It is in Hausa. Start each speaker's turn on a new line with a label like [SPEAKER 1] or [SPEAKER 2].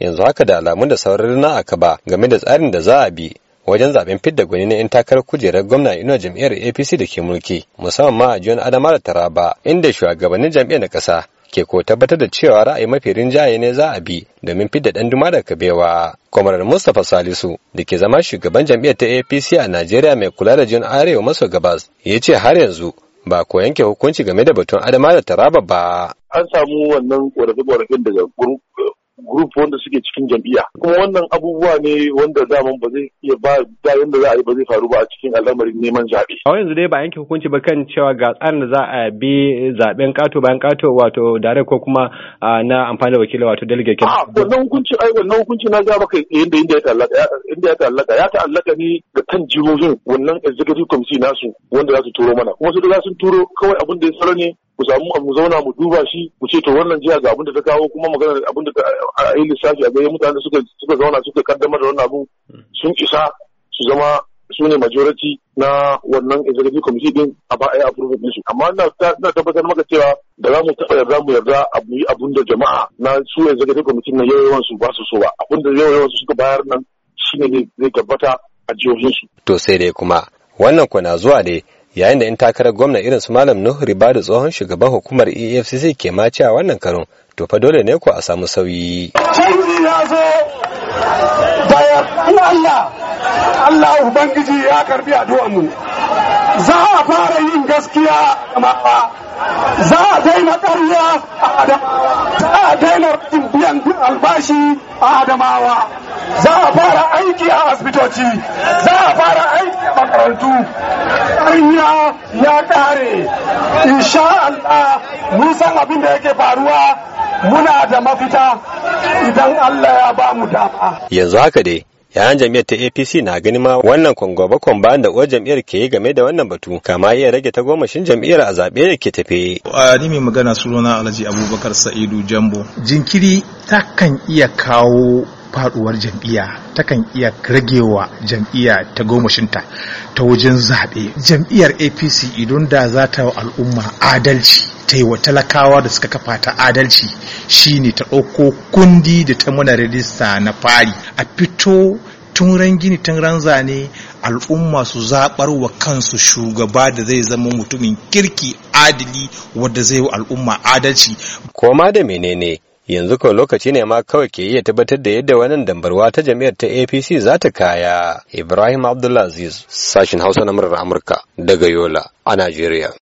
[SPEAKER 1] yanzu haka da alamun da sauran na aka ba game da tsarin da za a bi wajen zaben fidda gwani na 'yan takarar kujerar gwamna ino jam'iyyar apc da ke mulki musamman ma a jiyon adama da taraba inda shugabannin jam'iyyar na ƙasa ke ko tabbatar da cewa ra'ayi mafi rinjaye ne za a bi domin fidda ɗan duma da kabewa kwamarar mustapha salisu da ke zama shugaban jam'iyyar ta apc a najeriya mai kula da jiyon arewa maso gabas ya ce har yanzu ba ko yanke hukunci game da batun adama da taraba ba
[SPEAKER 2] an samu wannan ƙorafe-ƙorafen daga Gurufu wanda suke
[SPEAKER 1] cikin jam'iyya
[SPEAKER 2] kuma wannan abubuwa ne wanda daman ba zai iya ba da yanda za a yi ba zai faru ba a cikin al'amarin neman zaɓe.
[SPEAKER 1] a yanzu dai ba yanke hukunci ba kan cewa ga tsarin da za a bi zaɓen kato bayan kato wato dare ko kuma na amfani da wakilai wato delegate. kenan. Ah, wannan hukunci
[SPEAKER 2] ai wannan hukunci na za baka yanda inda ya ta'allaka inda ya ta'allaka ya ta'allaka ne ga kan jihohin wannan executive committee nasu wanda za su turo mana kuma su da za su turo kawai abin da ya tsara ne mu samu mu zauna mu duba shi mu ce to wannan jiya ga abin da ta kawo kuma magana abin da a yi lissafi a gaya mutane suka suka zauna suka kaddamar da wannan abun sun isa su zama su ne majority na wannan executive committee din a ba a yi approval din su amma na tabbatar maka cewa da za mu taɓa yarda mu yarda abu yi abun da jama'a na su executive committee na yawan su ba su so ba abun da yawan su suka bayar nan shine ne zai tabbata a jihohin su.
[SPEAKER 1] to sai dai kuma wannan kuna zuwa ne yayin da 'yan takarar gwamna irin su malam nuhu riba da tsohon shugaban hukumar efcc ke mace a wannan karon to fa dole ne ku a samu sauyi canji
[SPEAKER 2] ya zo da Allah ubangiji ya karbi addu'ar mu za a fara yin gaskiya kamar za a daina ƙarya a daina albashi a adamawa za a fara aiki a asibitoci za a fara aiki a makarantu ƙarya ya ƙare insha Allah mun san abin da yake faruwa muna da mafita idan Allah ya ba mu dama
[SPEAKER 1] yanzu haka dai yayan jam'iyyar ta apc na ganin ma wannan kwangwaba bayan da uwar jam'iyyar ke yi game da wannan batu kama iya rage ta gomashin jam'iyyar a zaɓe da ke tafe. a
[SPEAKER 3] ni mai magana sunana alhaji abubakar sa'idu jambo jinkiri ta kan iya kawo faduwar jam'iyya kan iya ragewa jam'iyya ta gomashinta ta wajen zaɓe jam'iyyar apc idan da za ta wa al'umma adalci ta yi wa talakawa da suka kafa ta adalci shine ta ɗauko kundi da ta muna rajista na fari a fito tun ran gini tun ran zane al'umma su zaɓar wa kansu shugaba da zai zama mutumin kirki adili wadda zai
[SPEAKER 1] wa al'umma adalci. Koma da menene yanzu ko lokaci ne ma kawai ke iya tabbatar da yadda wannan dambarwa ta jami'ar ta apc za ta kaya ibrahim abdulaziz Sashen hausa na murar amurka daga yola a najeriya